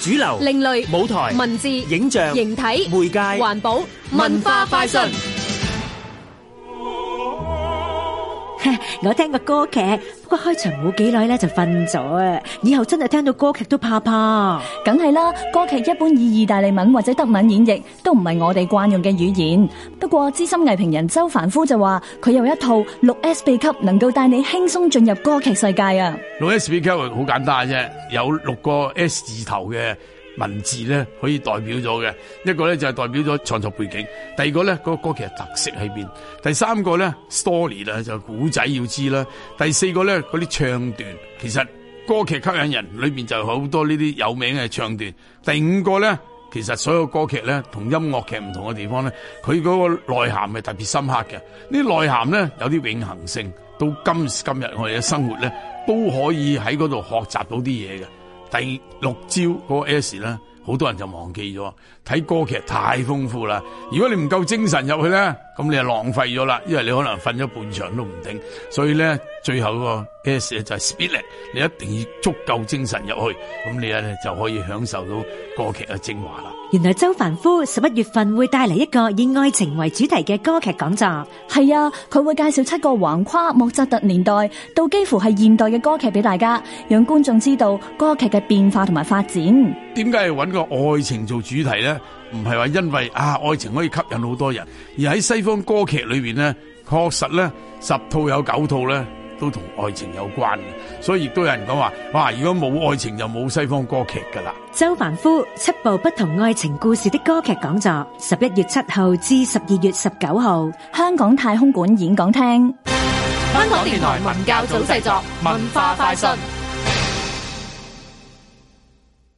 主流、另類、舞台、文字、影像、形體、媒介、環保、文化、快訊。 我聽過歌劇，不過開場冇幾耐咧就瞓咗啊！以後真係聽到歌劇都怕怕，梗係啦。歌劇一般以意大利文或者德文演繹，都唔係我哋慣用嘅語言。不過資深藝評人周凡夫就話，佢有一套六 S B 級，能夠帶你輕鬆進入歌劇世界啊！六 S B 級好簡單啫，有六個 S 字頭嘅。文字咧可以代表咗嘅，一個咧就係代表咗創作背景，第二個咧個歌劇特色喺邊，第三個咧 story 啊就古仔要知啦，第四個咧啲唱段，其實歌劇吸引人，裡面就有好多呢啲有名嘅唱段。第五個咧，其實所有歌劇咧同音樂劇唔同嘅地方咧，佢個內涵係特別深刻嘅，呢內涵咧有啲永恒性，到今今日我哋嘅生活咧都可以喺度學習到啲嘢嘅。第六招嗰個 S 啦，好多人就忘記咗睇歌劇太豐富啦，如果你唔夠精神入去咧。咁你就浪費咗啦，因為你可能瞓咗半場都唔定。所以咧最後個 S 咧就係 split，你一定要足夠精神入去，咁你咧就可以享受到歌劇嘅精華啦。原來周凡夫十一月份會帶嚟一個以愛情為主題嘅歌劇講座。係啊，佢會介紹七個橫跨莫扎特年代到幾乎係現代嘅歌劇俾大家，讓觀眾知道歌劇嘅變化同埋發展。點解要揾個愛情做主題咧？唔係話因為啊愛情可以吸引好多人，而喺西方歌劇裏邊呢，確實呢十套有九套呢都同愛情有關嘅，所以亦都有人講話哇！如果冇愛情就冇西方歌劇噶啦。周凡夫七部不同愛情故事的歌劇講座，十一月七號至十二月十九號，香港太空館演講廳。香港電台文教組製作，文化快訊。